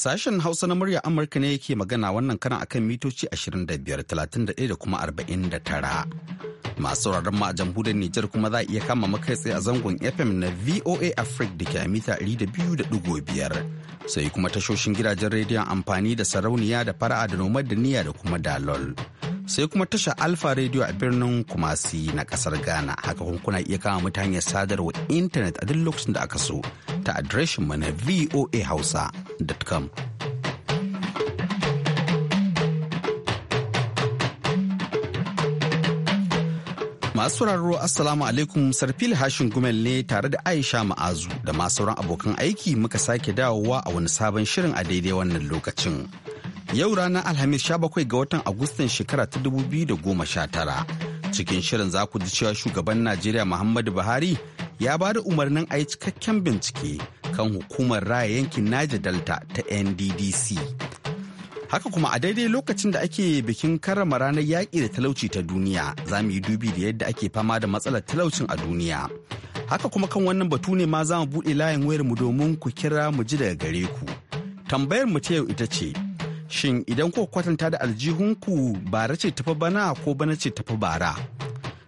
Sashen Hausa na murya Amurka ne yake magana wannan kana akan mitoci 25,31 da kuma 49. Masu sauraron mu a jamhuriyar Nijar kuma za a iya kama makai tsaye a zangon FM na VOA Africa da ke a mita 200.5. Sai kuma tashoshin gidajen rediyon amfani da sarauniya da fara'a da nomad da niyya da kuma dalol. sai kuma tasha alfa radio a birnin kumasi na kasar ghana haka kuma kuna iya kama mutane hanyar sadarwa intanet a duk lokacin da aka so ta adireshin mu na voahausa.com masu sauraro assalamu alaikum sarfil hashin gumel ne tare da aisha ma'azu da masu sauran abokan aiki muka sake dawowa a wani sabon shirin a daidai wannan lokacin. Yau ranar Alhamis 17 ga watan Agustan shekara ta 2019. Cikin shirin za ku ji cewa shugaban Najeriya Muhammadu Buhari ya ba da umarnin a yi cikakken bincike kan hukumar raya yankin Naja Delta ta NDDC. Haka kuma a daidai lokacin da ake bikin karrama ranar yaƙi da talauci ta duniya za mu yi dubi da yadda ake fama da matsalar talaucin a duniya. Haka kuma kan wannan batu ne ma za mu buɗe layin wayar mu domin ku kira mu ji daga gare ku. Tambayar mu ta yau ita ce, shin idan ku kwatanta da aljihunku bara ce tafi bana ko bana ce tafi bara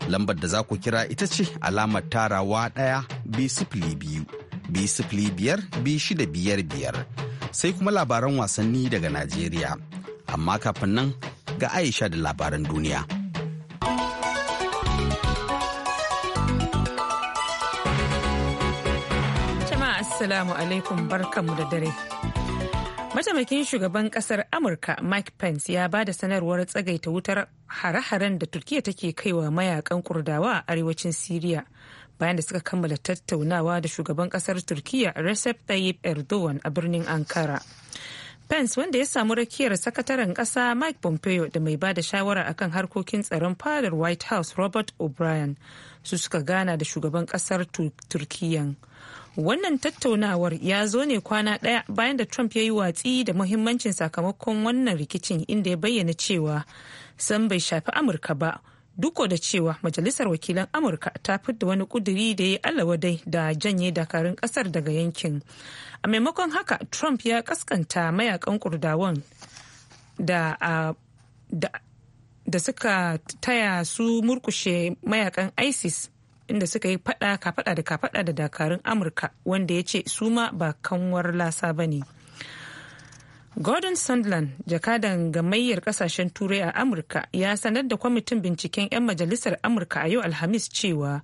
lambar da za ku kira ita ce alamar tarawa ɗaya bi sifili biyu bi sifili biyar bi shida biyar biyar sai kuma labaran wasanni daga najeriya amma kafin nan ga aisha da labaran duniya assalamu alaikum barkanmu da dare mataimakin shugaban kasar amurka mike pence ya ba da sanarwar tsagaita wutar hare-haren da turkiya take kaiwa mayakan kurdawa a arewacin syria bayan da suka kammala tattaunawa da shugaban kasar turkiya recep tayyip erdogan a birnin ankara pence wanda ya samu rakiyar sakataren kasa mike pompeo da mai ba da shawara akan harkokin tsaron fadar white house robert o'brien su suka gana da shugaban kasar turkiyan wannan tattaunawar ya zo ne kwana ɗaya bayan da trump ya yi watsi da muhimmancin sakamakon wannan rikicin inda ya bayyana cewa san bai shafi amurka ba duk da cewa majalisar wakilan amurka ta fidda wani kuduri da ya dai da janye dakarun kasar daga yankin a maimakon haka trump ya kaskanta mayakan kurdawan da da suka taya su murkushe mayakan isis inda suka yi fada kafaɗa da fada da dakarun amurka wanda ya ce su ma ba kanwar lasa ba ne gordon sandland jakadan gamayyar kasashen turai a amurka ya sanar da kwamitin binciken 'yan majalisar amurka a yau alhamis cewa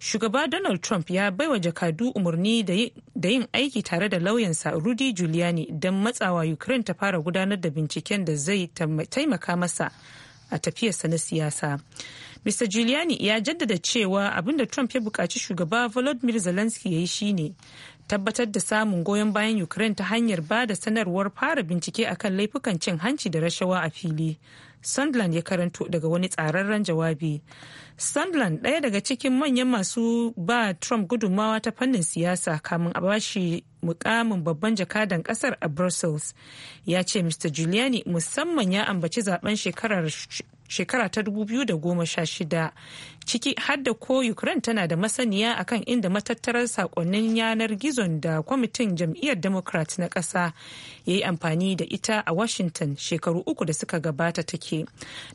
shugaba donald trump ya baiwa jakadu umarni da yin aiki tare da lauyansa rudy giuliani don matsawa ukraine ta fara gudanar da binciken da zai taimaka masa a tafiyarsa na siyasa Mr. Giuliani ya jaddada cewa abinda Trump ya buƙaci shugaba Volodymyr Zelensky ya yi shine tabbatar da samun goyon bayan Ukraine ta hanyar ba da sanarwar fara bincike akan laifukan cin hanci da rashawa a fili. Sunderland ya karanto daga wani tsararren jawabi. Sunderland ɗaya daga cikin manyan masu ba Trump gudunmawa ta fannin siyasa kamun a bashi mukamin babban jakadan kasar a Brussels. Ya ce Mr. Giuliani musamman ya ambaci zaben shekarar shekara ta 2016 ciki har da ko ukraine tana da masaniya akan inda matattarar sakonnin yanar gizon da kwamitin jam'iyyar democrat na ƙasa ya yi amfani da ita a washington shekaru uku da suka gabata take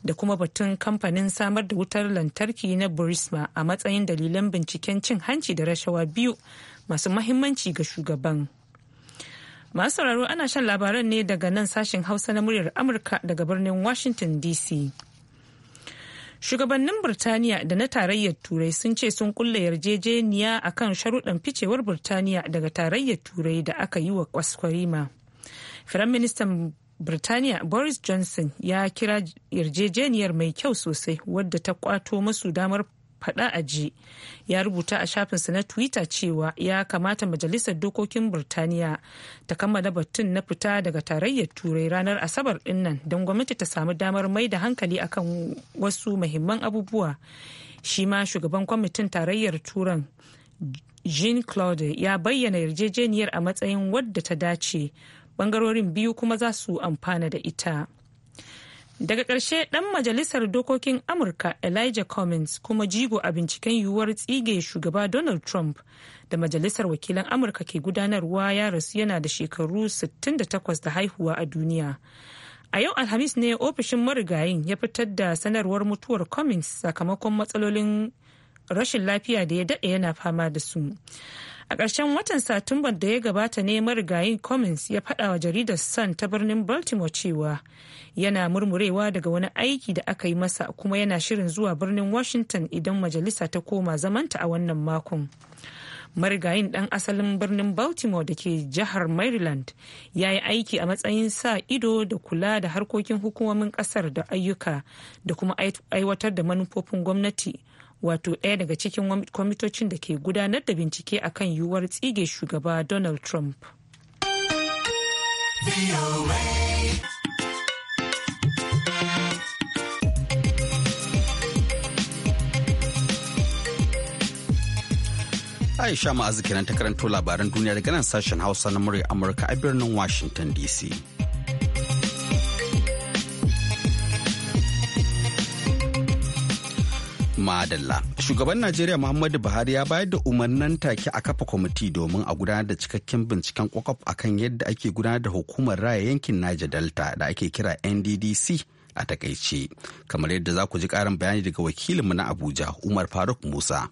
da kuma batun kamfanin samar da wutar lantarki na burisma a matsayin dalilan binciken cin hanci da rashawa biyu masu mahimmanci ga shugaban. Masu sauraro ana shan labaran ne daga nan sashen Hausa na muryar Amurka daga birnin Washington DC. shugabannin birtaniya da na tarayyar turai sun ce sun kulle yarjejeniya a kan sharuɗan ficewar birtaniya daga tarayyar turai da aka yi wa kwaskwarima firaministan birtaniya boris johnson ya kira yarjejeniyar mai kyau sosai wadda ta kwato masu damar faɗa a ji ya rubuta a shafinsa na twitter cewa ya kamata majalisar dokokin burtaniya ta kammala batun na fita daga tarayyar turai ranar asabar dinnan don gwamnati ta samu damar mai da hankali akan wasu mahimman abubuwa shi ma shugaban kwamitin tarayyar turan jean claude ya bayyana yarjejeniyar a matsayin wadda ta dace bangarorin biyu kuma za su amfana da ita. daga ƙarshe ɗan majalisar dokokin amurka elijah cummins kuma jigo a binciken yiwuwar tsige shugaba donald trump da majalisar wakilan amurka ke gudanarwa ya rasu yana da shekaru 68 da haihuwa a duniya a yau alhamis ne ofishin marigayin ya fitar da sanarwar mutuwar cummins sakamakon matsalolin rashin lafiya da ya daɗe yana fama da su a ƙarshen watan satumbar da ya gabata ne marigayin commons ya faɗa wa jaridar sun ta birnin baltimore cewa yana murmurewa daga wani aiki da aka yi masa kuma yana shirin zuwa birnin washington idan majalisa ta koma zamanta a wannan makon marigayin ɗan asalin birnin baltimore da ke jihar maryland ya yi aiki a matsayin sa ido da kula da harkokin hukumomin ƙasar da ayyuka da kuma aiwatar da manufofin gwamnati wato ɗaya daga cikin kwamitocin da ke gudanar da bincike akan yiwuwar tsige shugaba donald trump Aisha ma'azu kenan ta karanto labaran duniya daga nan sashen Hausa na murya Amurka a birnin Washington DC. Shugaban Najeriya Muhammadu Buhari ya bayar da umarnin take a kafa kwamiti domin a gudanar da cikakken binciken kwakwaf akan yadda ake gudanar da hukumar raya yankin Niger Delta da ake kira NDDC a takaice. Kamar yadda za ku ji karin bayani daga wakilinmu na Abuja, Umar Faruk Musa.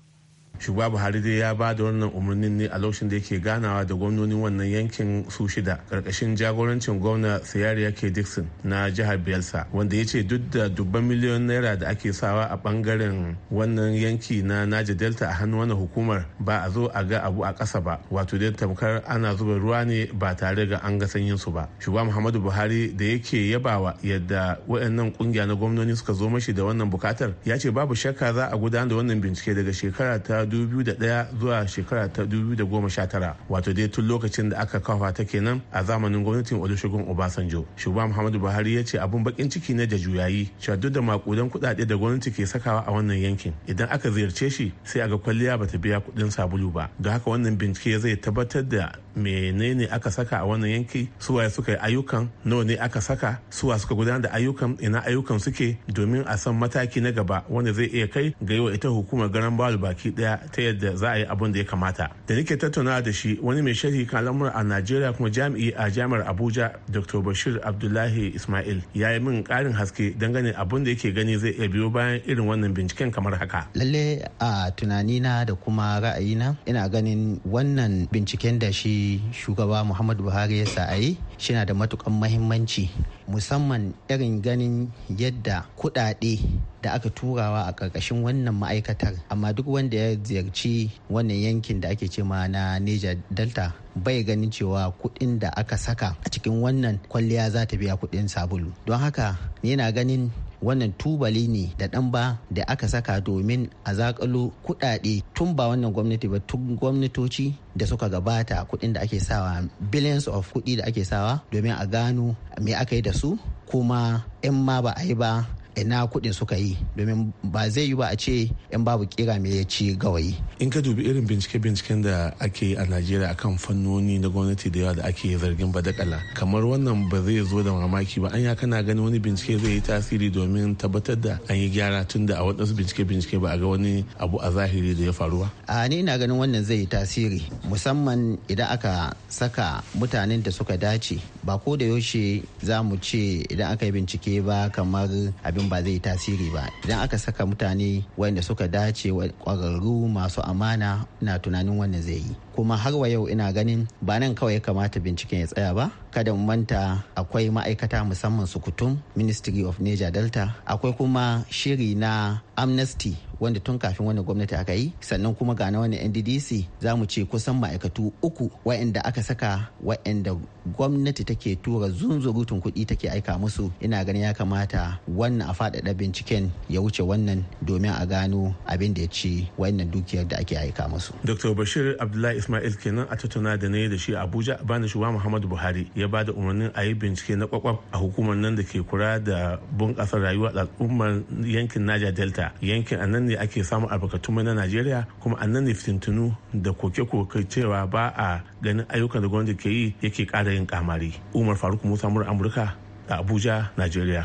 shugaba buhari dai ya ba da wannan umarnin ne a lokacin da yake ganawa da gwamnonin wannan yankin su shida karkashin jagorancin gwamna sayariya ke dixon na jihar belsa wanda ya ce duk da dubban miliyon naira da ake sawa a bangaren wannan yanki na naja delta a hannun wannan hukumar ba a zo a ga abu a kasa ba wato dai tamkar ana zuba ruwa ne ba tare ga an ga sanyin su ba shugaba muhammadu buhari da yake yabawa yadda waɗannan kungiya na gwamnoni suka zo mashi da wannan bukatar ya ce babu shakka za a gudanar da wannan bincike daga shekara ta 2001 zuwa shekara ta 2019 wato dai tun lokacin da aka kafa ta kenan a zamanin gwamnatin Olusegun Obasanjo. Shugaba Muhammadu Buhari ya ce abun bakin ciki na da juyayi cewa duk da makudan kuɗaɗe da gwamnati ke sakawa a wannan yankin idan aka ziyarce shi sai aga kwalliya bata biya kuɗin sabulu ba. Don haka wannan bincike zai tabbatar da menene aka saka a wannan yanki suwa suka yi ayyukan nawa ne aka saka suwa suka gudanar da ayyukan ina ayyukan suke domin a san mataki na gaba wanda zai iya kai ga yi ita hukumar garan bawal baki daya ta yadda za a yi abin da ya kamata da nake tattauna da shi wani mai sharhi kan lamura a najeriya kuma jami'i a jami'ar abuja dr bashir abdullahi ismail ya yi min karin haske dangane abin da yake gani zai iya biyo bayan irin wannan binciken kamar haka lalle a tunanina da kuma ra'ayina ina ganin wannan binciken da shi shugaba muhammadu buhari ya sa a yi shi na da matukan muhimmanci. musamman irin ganin yadda kuɗaɗe da aka turawa a ƙarƙashin wannan ma'aikatar amma duk wanda ya ziyarci wannan yankin da ake cema na Niger Delta bai ganin cewa kuɗin da aka saka a cikin wannan kwalliya za ta biya kuɗin sabulu don haka ni na ganin wannan tubali ne da ɗan ba da aka saka domin a zakalo kudade tun ba wannan gwamnati ba tun gwamnatoci da suka gabata kuɗin da ake sawa billions of kuɗi da ake sawa domin a gano me aka yi da su kuma in ma ba a yi ba ina kuɗin suka yi domin ba zai yi ba a ce in babu kira me ya ci gawayi in ka dubi irin bincike-binciken da ake a najeriya akan fannoni na gwamnati da yawa da ake zargin ba badakala kamar wannan ba zai zo da mamaki ba anya kana gani wani bincike zai yi tasiri domin tabbatar da an yi gyara tun da a waɗansu bincike-bincike ba a ga wani abu a zahiri da ya faru ba a ni ina ganin wannan zai yi tasiri musamman idan aka saka mutanen da suka dace ba ko da yaushe za mu ce idan aka yi bincike ba kamar abin abin ba zai tasiri ba idan aka saka mutane wanda suka dace kwararru masu amana na tunanin wannan zai yi kuma har wa yau ina ganin ba nan kawai ya kamata binciken ya tsaya ba kada mu manta akwai ma'aikata musamman sukutum ministry of niger delta akwai kuma shiri na amnesty wanda tun kafin wani gwamnati aka yi sannan kuma ga na nddc za mu ce kusan ma'aikatu uku wa'anda aka saka wa'anda gwamnati take tura zunzurutun kuɗi take aika musu ina ganin ya kamata wannan a faɗaɗa binciken ya wuce wannan domin a gano abin da ya ci wannan dukiyar da ake aika musu. dr bashir abdullahi ismail kenan a tattauna da ne da shi abuja bani shuwa muhammadu buhari ya ba da umarnin a yi bincike na kwakwaf a hukumar nan da ke kura da bunƙasa rayuwa al'ummar yankin naja delta yankin a nan ne ake samun albarkatun mai na najeriya kuma a nan ne fitintunu da koke-koke cewa ba a ganin ayyukan da gwamnati ke yi yake ƙara yin kamari umar faruk musa mura amurka a abuja najeriya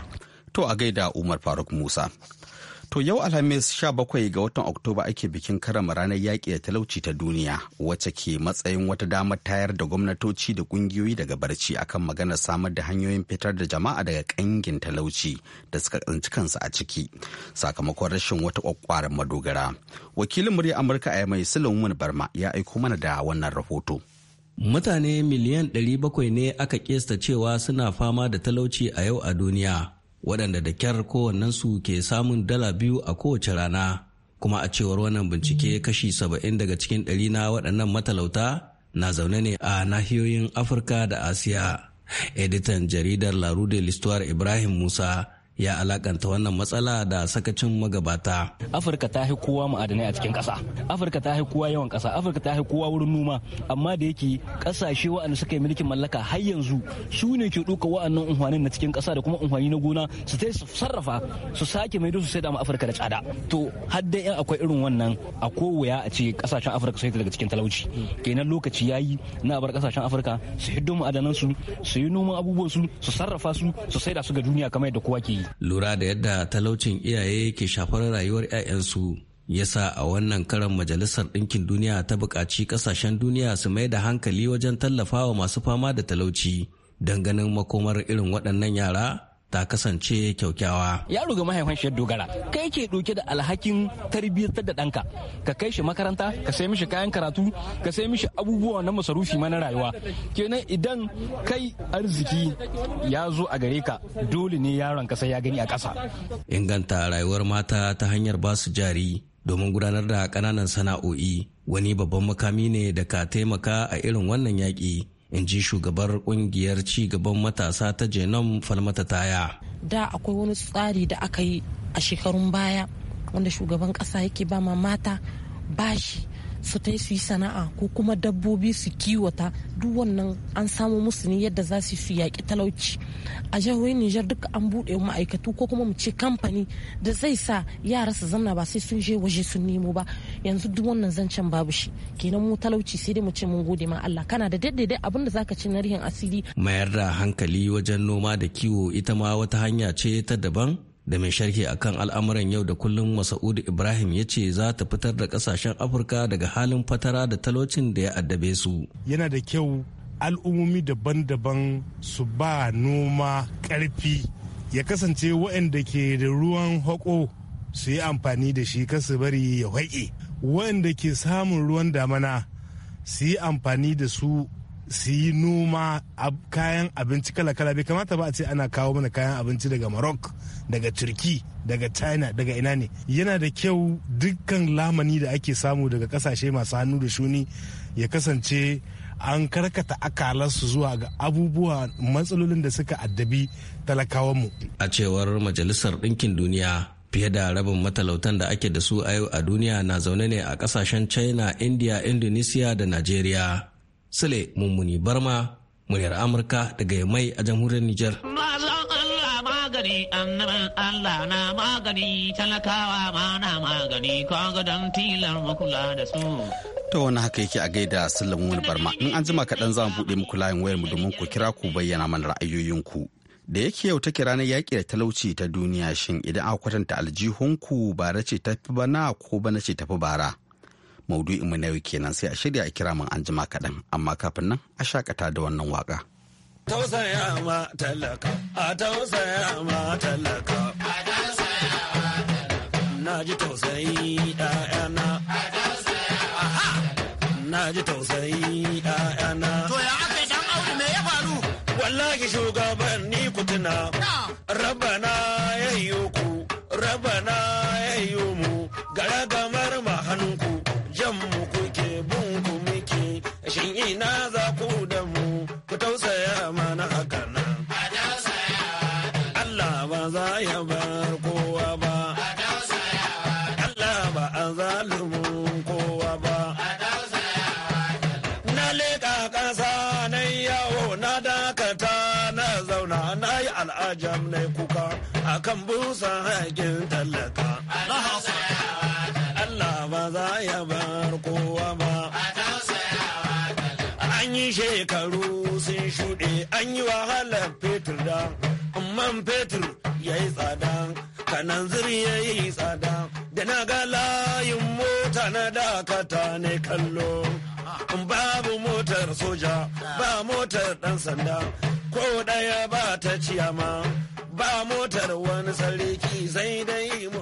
to a gaida umar faruk musa To yau Alhamis 17 ga watan Oktoba ake bikin karama ranar yaƙi da talauci ta duniya wacce ke matsayin wata damar tayar da gwamnatoci da ƙungiyoyi daga barci akan magana samar da hanyoyin fitar da jama'a daga ƙangin talauci da suka tsinci kansu a ciki sakamakon rashin wata ƙwaƙƙwaran madogara. Wakilin murya Amurka a mai Sulaiman Barma ya aiko mana da wannan rahoto. Mutane miliyan 700 ne aka kesta cewa suna fama da talauci a yau a duniya. waɗanda da kyar kowannensu ke samun dala biyu a kowace rana kuma a cewar wannan bincike kashi saba'in daga cikin ɗari na waɗannan matalauta na zaune ne a nahiyoyin afirka da asiya editan jaridar larude listuwar ibrahim musa ya alakanta wannan matsala da sakacin magabata. Afirka ta fi kowa ma'adanai a cikin ƙasa. Afirka ta fi kowa yawan ƙasa. Afirka ta fi kowa wurin noma. Amma da yake ƙasashe wa'anda suka yi mulkin mallaka har yanzu su ne ke ɗauka wa'annan unhwanin na cikin ƙasa da kuma unhwani na gona su ta su sarrafa su sake maido su sai ma Afirka da tsada. To har dai in akwai irin wannan a wuya a ce ƙasashen Afirka su daga cikin talauci. Kenan lokaci ya yi na bar ƙasashen Afirka su hiddo ma'adanan su su yi noman abubuwan su su sarrafa su su da su ga duniya kamar yadda kowa ke yi. lura da yadda talaucin iyaye ke shafar rayuwar 'ya'yansu yasa a wannan karan majalisar ɗinkin duniya ta buƙaci ƙasashen duniya su mai da hankali wajen tallafawa masu fama da talauci don ganin makomar irin waɗannan yara ta kasance kyaukyawa. Yaro ga mahaifin shi dogara, kai ke ɗauke da alhakin tarbiyyar da ɗanka, ka kai shi makaranta, ka sai mishi kayan karatu, ka sai mishi abubuwa na masarufi mana rayuwa. Kenan idan kai arziki ya zo a gare ka, dole ne yaron ka sai ya gani a ƙasa. Inganta rayuwar mata ta hanyar ba su jari domin gudanar da ƙananan sana'o'i wani babban makami ne da ka taimaka a irin wannan yaƙi. in ji shugabar kungiyar ci gaban matasa ta jenom falmata taya da akwai wani tsari da aka yi a shekarun baya wanda shugaban kasa yake ba mata bashi su ta su yi sana'a ko kuma dabbobi su kiwata duk wannan an samu musu ne yadda za su yaƙi talauci a jihohin nijar duk an buɗe ma'aikatu ko kuma mu ce kamfani da zai sa yara su zamna ba sai sun je waje sun nemo ba yanzu duk wannan zancen babu shi kenan mu talauci sai dai mu ce mun gode ma Allah kana da daidai abin da zaka ci na rihin asiri mayar da hankali wajen noma da kiwo ita ma wata hanya ce ta daban da mai sharhi akan al'amuran yau da kullum masa'udu ibrahim ya ce za ta fitar da kasashen afirka daga halin fatara da talocin da ya addabe su yana da kyau al'ummomi daban-daban su ba noma ƙarfi ya kasance waɗanda ke da ruwan haƙo su yi amfani da shi kasu bari ya haƙe waɗanda ke samun ruwan damana su yi amfani da su su yi noma kayan abinci kala-kala bai kamata ba a ce ana kawo mana kayan abinci daga Morocco daga turki daga china daga ina ne yana da kyau dukkan lamani da ake samu daga kasashe masu hannu da shuni ya kasance an karkata akalarsu zuwa ga abubuwa matsalolin da suka addabi talakawanmu a cewar majalisar ɗinkin duniya fiye da rabin matalautan da ake da su a yau a duniya na zaune ne a kasashen china india indonesia da nigeria Sule Mummuni Barma, muryar Amurka daga Yamai a jamhuriyar Nijar. magani na magani talakawa magani tilar da su. To wani haka yake a gaida Sulaiman wani barma in an jima kaɗan za mu buɗe muku layin wayar mu domin ku kira ku bayyana mana ra'ayoyinku. Da yake yau take ranar yaƙi da talauci ta duniya shin idan aka kwatanta aljihunku bara ce tafi bana ko bana ce tafi bara. maudu'in mu na yau kenan sai a shirya a kira min anjima kaɗan amma kafin nan a shakata da wannan waka. Tausaya ma a tausaya ma Na ji tausayi ɗayana. Na ji tausayi To ya aka dan auri me ya faru? Wallahi shugaban ni kutuna. Rabba A jam kuka akan busa haƙin tallaka Allah ba za ya bar kowa ba an yi shekaru sun shuɗe anyi yi wahalar fetur da man fetur ya yi tsada kanan ziri ya yi tsada da na ga layin mota na dakata ne kallo babu motar soja ba motar ɗan sanda ko ɗaya ba ta ciyama ba motar wani sarki sai dai mu.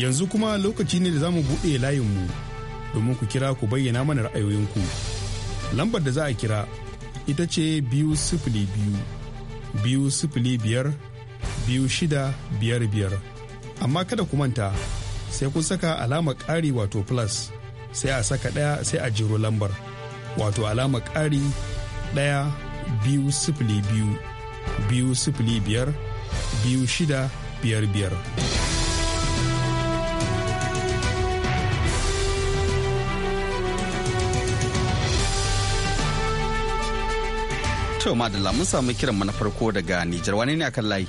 Yanzu kuma lokaci ne da za mu buɗe layinmu domin ku kira ku bayyana mana ra'ayoyinku. Lambar da za a kira ita ce biyu sifili biyu biyu sifili biyar biyu shida biyar biyar amma kada ku manta sai kun saka alamar ƙari wato plus. sai a saka ɗaya sai a jiro lambar wato alama ƙari ɗaya biyu sifili biyu biyu sifili biyar biyu shida biyar biyar. To madalla mun samu kiran na farko daga Nijar wani ne akan layi?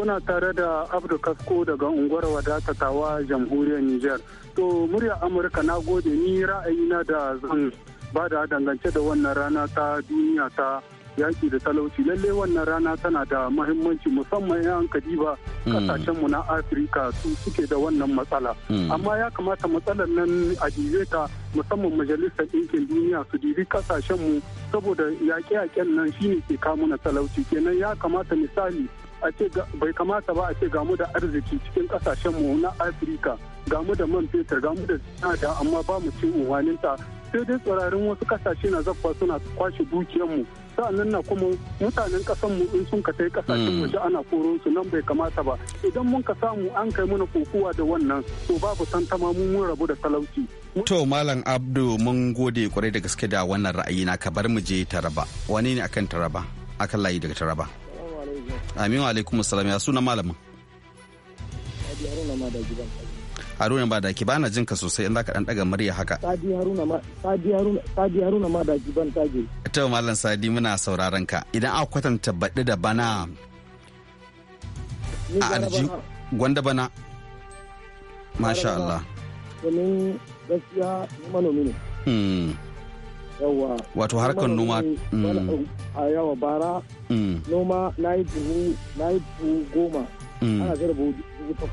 kuna tare da abdu kasko daga unguwar wadata tawa jamhuriyar niger to murya amurka na gode ni ra'ayi na da zan ba da dangance da wannan rana ta duniya ta yaki da talauci lalle wannan rana tana da mahimmanci musamman yan kadiba kasashenmu hmm. na afirka su suke da wannan matsala hmm. amma ya kamata matsalar nan a jibe ta musamman majalisar ɗinkin duniya su dibi kasashenmu saboda yaƙe-yaƙen nan shine ke kamuna na talauci kenan ya kamata misali a ce bai kamata ba a ce gamu da arziki cikin kasashen mu na afirka gamu da man fetur gamu da sinada amma ba mu cin uwaninta sai dai tsirarin wasu kasashe na zaffa suna kwashe dukiyar mu sa'annan na kuma mutanen kasan mu in sun ka tai kasashen hmm. waje ana koro su nan bai kamata ba idan mun ka samu an kai mana kokowa da wannan to babu tantama mun mun rabu da talauci to malam abdu mun gode kwarai da gaske da wannan ra'ayi na ka bar mu je taraba wani ne akan taraba akan layi daga taraba Amin wa alaikum salam ya suna malamin. Haruna ma da ki bana jin ka sosai in zaka dan daga murya haka. Sadi Haruna ma Sadi Haruna Sadi Haruna ma da ban tage. To mallam Sadi muna sauraron ka. Idan aka kwatanta baɗi da bana a arji gwanda bana. Masha Allah. Domin gaskiya manomi ne. Hmm. wato harkar noma a yawa bara noma na yi buhu na yi buhu goma ana zara buhu dubu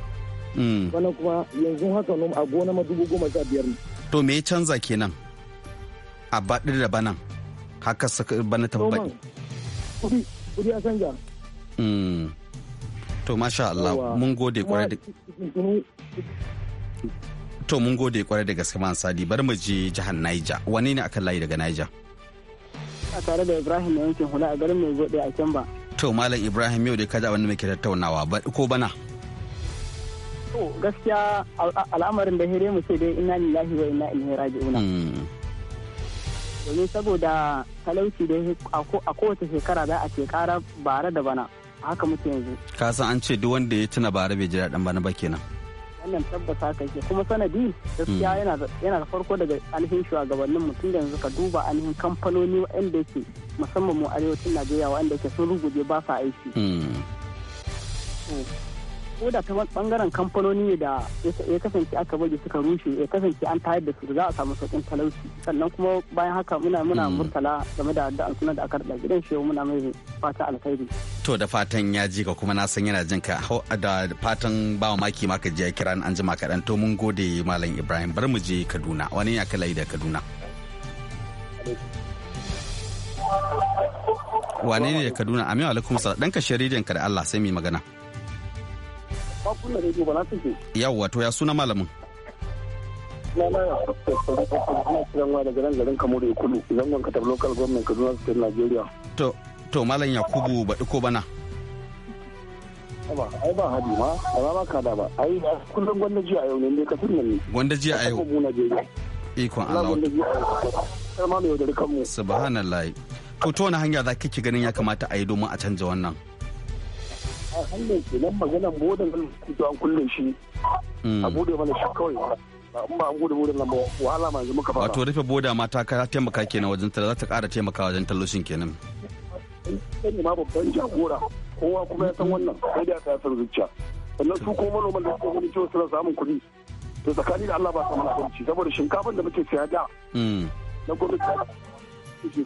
wannan kuma yanzu haka noma a gona ma dubu goma sha biyar ne to me canza kenan a baɗi da banan haka suka bana ta baɗi kudi ya canja to masha Allah mun gode kwarai da to mun gode kwarai da gaske man sadi bar mu je jihar Niger wani ne akan layi daga Niger a tare da Ibrahim na yankin hula a garin mai gode a ba to malam Ibrahim yau dai kaji wani da muke tattaunawa ba ko bana to gaskiya al'amarin da hire mu sai dai inna lillahi wa inna ilaihi raji'un hmm. domin saboda talauci da a kowace shekara za a ce kara bara da bana haka muke yanzu ka san an ce duk wanda ya tuna bara bai ji daɗin bana ba kenan wannan tabbata ka ke kuma sanadi gaskiya hmm. yana da farko daga ainihin shugabannin mutum yanzu ka duba ainihin kamfanoni waɗanda ke musamman mu arewacin najeriya waɗanda ke sun ruguje ba sa aiki hmm. Hmm. ko da ta bangaren kamfanoni ne da ya kasance aka bage suka rushe ya kasance an tayar da su za a samu sauƙin talauci sannan kuma bayan haka muna muna mm. murtala game da da alsunan da aka rada gidan shehu muna mai fata alkhairi to da fatan ya ji ka kuma na san yana jin ka da fatan ba maki ma ka je kira an jima kaɗan to mun gode malam Ibrahim bar mu je Kaduna wani ya kala da Kaduna wane ne da Kaduna amin alaikum sa dan ka sharidan ka da Allah sai mu magana Yawwa to ya suna malamin. To, to malam Yakubu ba ko bana. ai ba hadi ma ba ma ka da ba ai kullum gwanda jiya a yau ne ka sunna ne gwanda jiya a yau ikon Allah subhanallah to ta wani hanya za kike ganin ya kamata a yi domin a canja wannan a hanyar an kulle shi hmm. a bude mana shi kawai in ba an bude nan ba wahala ma yanzu muka fara wato rufe boda ma ta taimaka kenan wajen za ta kara taimaka wajen tallushin kenan sani ma babban jagora kowa kuma ya san wannan sai da ta san zuciya sannan su kuma manoman da suke gani cewa suna samun kuɗi to tsakani da Allah ba samu abinci saboda shinkafan da muke siya da hmm. na gwamnati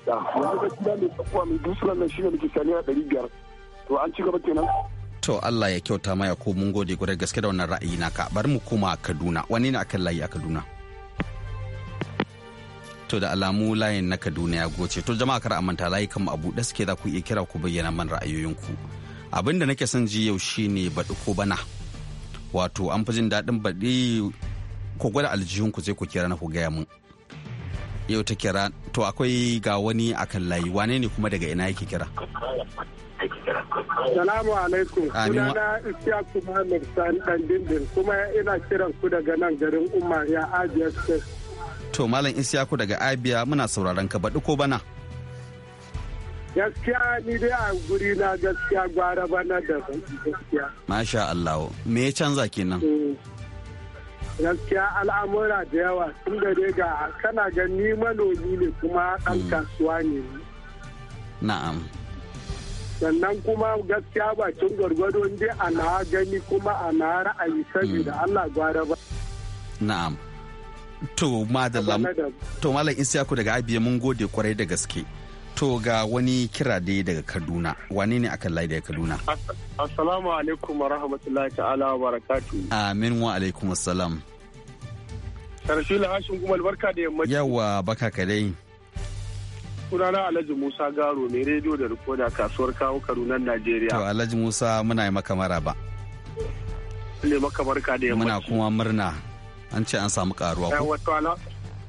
mai tsakuwa mai dusulan nan shi ne muke siya naira ɗari biyar to an ci gaba kenan To Allah ya kyauta maya ko mun gode gudar gaske da wannan ra'ayi naka bari mu koma Kaduna wani ne akan layi a Kaduna? To da alamu layin na Kaduna ya goce to jama'a kar a manta layi kan a buɗe suke za ku iya kira ku bayyana man ra'ayoyinku. Abin da nake son ji yau ne baɗi ko bana. Wato an fi jin daɗin baɗi ko gwada aljihunku sai ku kira na ku gaya mun. Yau ta kira to akwai ga wani akan layi wane ne kuma daga ina yake kira? Salamu alaikum. Sunana Isiyaku Muhammad Sani dan dindin kuma ina kiran ku daga nan garin Umar ya Abia State. To Malam Isiyaku daga Abia muna sauraron ka baɗi ko bana? Gaskiya ni dai a guri na gaskiya gwara bana da gaskiya. Masha Allah. Me ya canza kenan? Mm. gaskiya al'amura da yawa tun da dai ga kana gani manomi ne kuma ɗan mm. kasuwa ne. Na'am. sannan kuma gaskiya bakin gwargwado dai ana gani kuma ana ra'ayi saboda hmm. Allah gwara ba. Na'am. To madalla to malam Isiyaku daga Abiya mun gode kwarai da gaske. To ga wani kira dai daga Kaduna. Wane ne akan layi daga Kaduna? Assalamu alaikum wa rahmatullahi ta'ala wa barakatu. Amin wa alaikum assalam. Sarfila Hashim Gumal barka da yammaci. Yawa baka kadai. sunana Alhaji Musa Garo mai rediyo da rikoda kasuwar kawo karunan Najeriya. To Alhaji Musa muna yi maka maraba. Ne maka barka da yamma. Muna kuma murna. An ce an samu karuwa ko? Eh, wato ala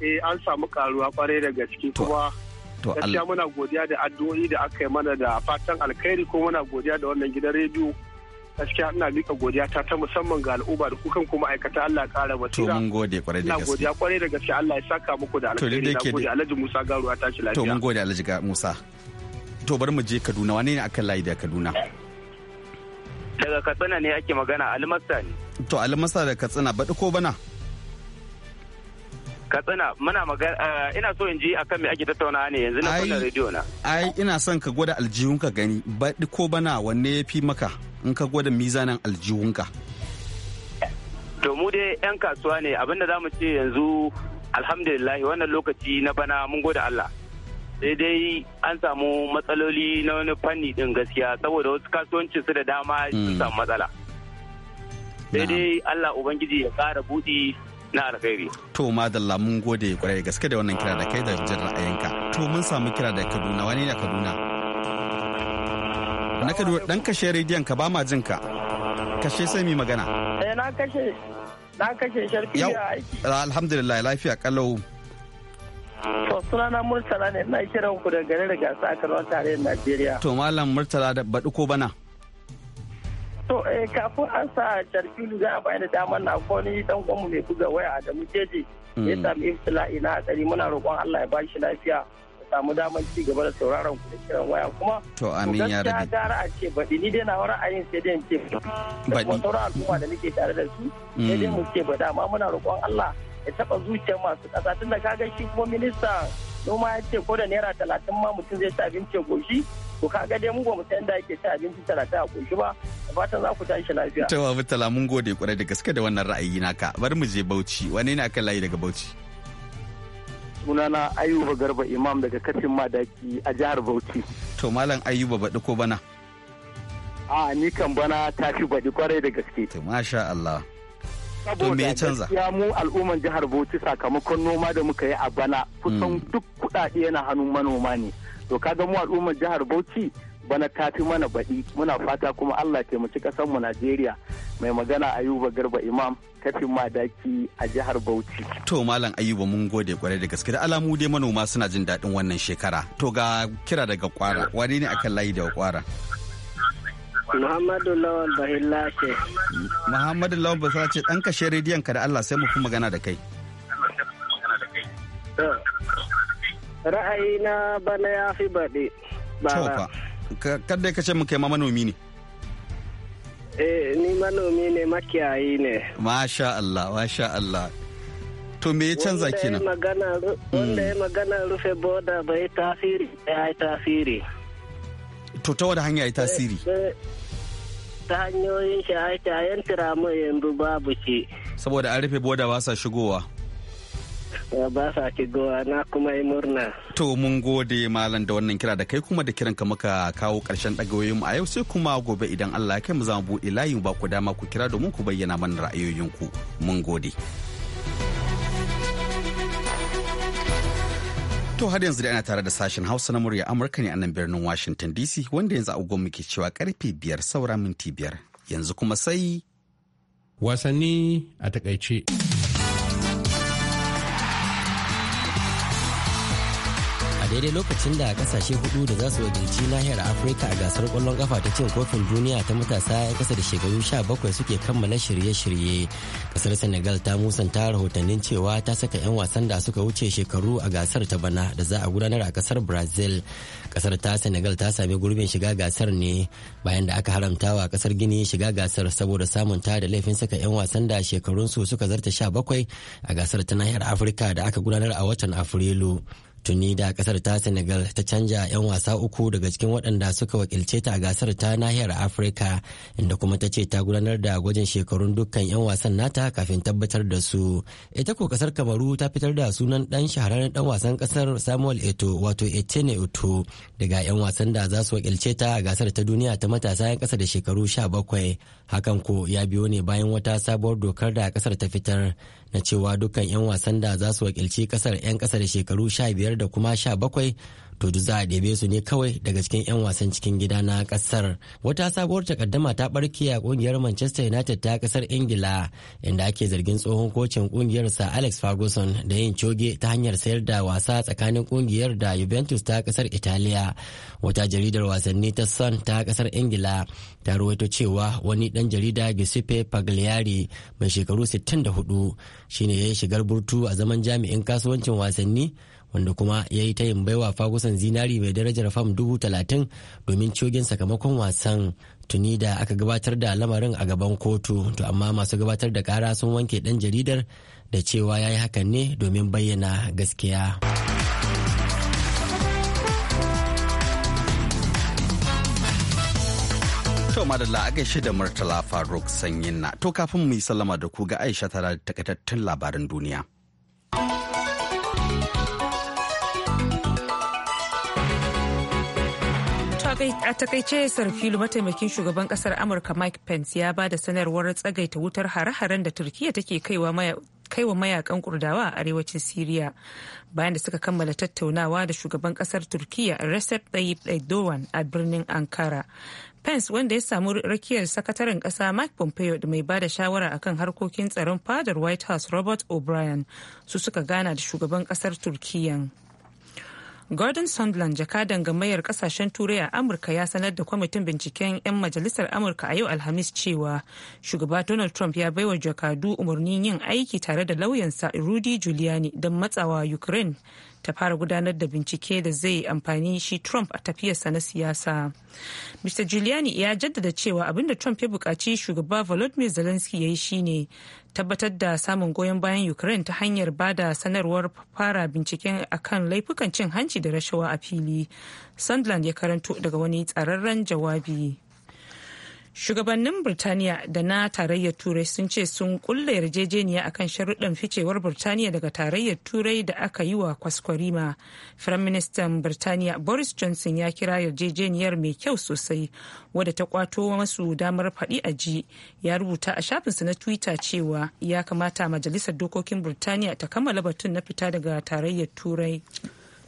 eh an samu karuwa kwarai da gaske kuma gaskiya muna godiya da addu'o'i da aka yi mana da fatan alkhairi ko muna godiya da wannan gidan rediyo gaskiya ina mika godiya ta ta musamman ga al'umma da kukan kuma aikata Allah kara basira to mun gode kwarai da gaske ina godiya kwarai da gaske Allah ya saka muku da alheri na gode Alhaji Musa Garuwa tashi lafiya to mun gode Alhaji Musa to bari mu je Kaduna wane ne akan layi da Kaduna daga Katsina ne ake magana Almasa ne to Almasa da Katsina baɗi ko bana Katsina muna magana eh, ina so in ji akan me ake tattaunawa ne yanzu na kunna radio na ai ina son ka gwada aljihun ka gani baɗi ko bana wanne ya fi maka in ka gwada mizanin aljihunka to mu dai 'yan kasuwa ne abinda za mu ce yanzu alhamdulillahi wannan lokaci na bana mun gode Allah sai dai an samu matsaloli na wani fanni din gaskiya saboda wasu kasuwanci su da dama sun hmm. samu matsala sai dai Allah ubangiji ya ƙara buɗi na alkhairi to madalla mun gode kwarai gaske da wannan kira da kai da jin ra'ayinka to mun samu kira da Kaduna wani ne Kaduna na ka dan kashe rediyon ka ba ma jin ka kashe sai mi magana eh na kashe na kashe sharfiya ya aiki alhamdulillah lafiya kallo. to sunana murtala ne ina kiran ku daga garin gasa a Kano tarayyar Najeriya to malam murtala da badu ko bana to eh kafin an sa sharfi za a bayar da damar na ni dan gwamu mai buga waya da mukeji hmm. ya sami ina a tsari muna roƙon Allah ya bashi lafiya samu damar ci gaba da sauraron ku da kiran waya kuma to amin ya rabi gara a ce baɗi ni dai na a ayin sai dai ce baɗi kuma sauran al'umma da nake tare da su sai dai mm. mu ce baɗi amma muna roƙon Allah ya taɓa zuciyar masu ƙasa tunda ga shi kuma minista noma ya ce ko da naira talatin ma mutum zai ci abinci ya ko to ga dai mu ba mu san da yake ci abinci talatin a goshi ba fatan za ku tashi lafiya. Tawa Murtala mun gode kwarai da gaske da wannan ra'ayi naka bari mu je Bauchi wani ne aka layi daga Bauchi? sunana ayuba garba imam daga kafin madaki a jihar bauchi to malam ayuba baɗi ko bana a ni kan bana ta fi baɗi kwarai da gaske to masha Allah to me ya canza saboda mu al'umman jihar bauchi sakamakon noma da muka yi a bana kusan mm. duk kuɗaɗe yana hannun manoma ne to kaga mu al'umman jihar bauchi bana tafi mana baɗi muna fata kuma Allah taimaki ƙasar mu Najeriya mai magana Ayuba Garba Imam kafin madaki a jihar Bauchi. To Malam Ayuba mun gode kwarai da gaske da alamu dai manoma suna jin daɗin wannan shekara. To ga kira daga kwara wani ne akan layi da kwara? Muhammadu Lawal Bahila ce. Muhammadu Lawal Bahila ce ɗan kashe rediyon ka da Allah sai mu fi magana da kai. Ra'ayi na bana ya fi baɗi. Bara. kada ka ce muka ma manomi ne eh ni manomi ne makiyayi ne masha Allah masha Allah to me ya canza kenan hmm. wanda ya magana rufe boda bai tasiri ya yi tasiri to ta wada hanya ya tasiri eh, eh, ta hanyoyin shaye-shayen tiramu yanzu babu ce saboda an rufe boda ba sa shigowa Eh, ba sa gowa na kuma yi murna. To mun gode malam da wannan kira da kai kuma da kiran ka muka kawo karshen ɗagayoyin a yau sai kuma gobe idan Allah ya kai mu zama buɗe layin ba ku dama ku kira domin ku bayyana mana ra'ayoyinku. Mun gode. To har yanzu da ana tare da sashen Hausa na murya Amurka ne a nan birnin Washington DC wanda yanzu agogon muke cewa karfe biyar saura minti biyar yanzu kuma sai wasanni a takaice. daidai lokacin da kasashe hudu da za su wakilci nahiyar afirka a gasar kwallon kafa ta cin kofin duniya ta matasa ya kasa da shekaru bakwai suke kammala shirye-shirye kasar senegal ta musanta rahotannin cewa ta saka 'yan wasan da suka wuce shekaru a gasar ta bana da za a gudanar a kasar brazil kasar ta senegal ta sami gurbin shiga gasar ne bayan da aka haramta wa kasar gini shiga gasar saboda samun ta da laifin saka 'yan wasan da shekarunsu suka zarta sha bakwai a gasar ta nahiyar afirka da aka gudanar a watan afrilu tuni da kasar ta senegal ta canja 'yan wasa uku daga cikin waɗanda suka wakilce ta a gasar ta nahiyar afirka inda kuma ta ce ta gudanar da gwajin shekarun dukkan 'yan wasan nata kafin tabbatar da su ita ko kasar kamaru ta fitar da sunan dan shahararren dan wasan kasar samuel eto wato etene eto daga 'yan wasan da za su wakilce ta a gasar ta duniya ta matasa 'yan kasa da shekaru sha bakwai hakan ko ya biyo ne bayan wata sabuwar dokar da kasar ta fitar na cewa dukkan 'yan wasan da za su wakilci kasar 'yan kasa da shekaru 15 biyar da kuma sha bakwai to za a ɗebe su ne kawai daga cikin 'yan wasan cikin gida na ƙasar. Wata sabuwar takaddama ta barke a ƙungiyar Manchester United ta ƙasar Ingila inda ake zargin tsohon kocin ƙungiyar sa Alex Ferguson da yin coge ta hanyar sayar da wasa tsakanin ƙungiyar da Juventus ta ƙasar Italiya. Wata jaridar wasanni ta Sun ta ƙasar Ingila ta ruwaito cewa wani dan jarida Giuseppe Pagliari mai shekaru 64 shine ya yi shigar burtu a zaman jami'in kasuwancin wasanni wanda kuma ya yi tayin baiwa fagusan zinari mai darajar fam dubu talatin domin cogin sakamakon wasan tuni da aka gabatar da lamarin a gaban kotu to amma masu gabatar da kara sun wanke dan jaridar da cewa ya yi hakan ne domin bayyana gaskiya. To madalla a gaishe da Murtala Faruk Sanyin na to kafin mu yi sallama da ku ga Aisha tara da takaitattun labaran duniya. a takaice sarfilu mataimakin shugaban kasar amurka mike pence ya ba da sanarwar tsagaita wutar hare-haren da turkiya take kaiwa mayakan kurdawa a arewacin siriya bayan da suka kammala tattaunawa da shugaban kasar turkiya recep tayyip erdogan a birnin ankara pence wanda ya samu rakiyar sakataren kasa mike pompeo da mai bada shawara akan harkokin tsaron fadar white house robert o'brien su suka gana da shugaban kasar turkiyan Gordon Sondland jakadan gamayyar kasashen turai a Amurka ya sanar da kwamitin binciken 'yan majalisar Amurka a yau Alhamis cewa shugaba Donald Trump ya baiwa jakadu umarnin yin aiki tare da lauyansa Rudy Giuliani don matsawa Ukraine ta fara gudanar da bincike da zai amfani shi trump a tafiyarsa na siyasa mr giuliani ya jaddada cewa abin da trump ya buƙaci shugaba volodymyr zelensky ya yi shine tabbatar da samun goyon bayan ukraine ta hanyar ba da sanarwar fara binciken akan laifukan cin hanci da rashawa a fili sunderland ya karanto daga wani tsararren jawabi shugabannin birtaniya da na tarayyar turai sun ce sun kulle yarjejeniya akan sharuɗan ficewar birtaniya daga tarayyar turai da aka yi wa kwaskwarima firaministan birtaniya boris johnson ya kira yarjejeniyar mai kyau sosai wadda ta kwato masu damar faɗi a ji ya rubuta a shafinsa na twitter cewa ya kamata majalisar dokokin birtaniya ta kammala batun na fita daga tarayyar turai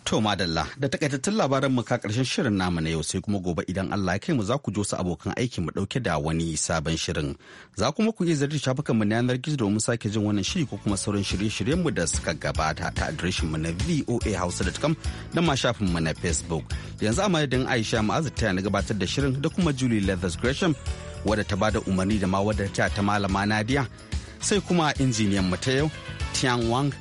To madalla da takaitattun labaran mu ka karshen shirin namu na yau sai kuma gobe idan Allah ya kai mu za ku jo su abokan aiki mu ɗauke da wani sabon shirin. Za kuma ku iya zartar shafukan mu na yanar gizo domin sake jin wannan shiri ko kuma sauran shirye-shiryen mu da suka gabata ta adireshin mu na voahausa.com da ma shafin mu na Facebook. Yanzu a madadin Aisha Ma'azu ta na gabatar da shirin da kuma Julie Leathers Gresham wadda ta bada umarni da ma wadda ta ta malama Nadia sai kuma injiniyan mu ta yau Tian Wang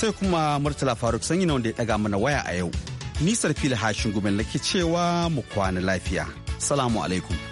sai kuma murtala faruk sanyi na wanda ya daga mana waya a yau nisar fili hashin gumin lake cewa mu kwana lafiya salamu alaikum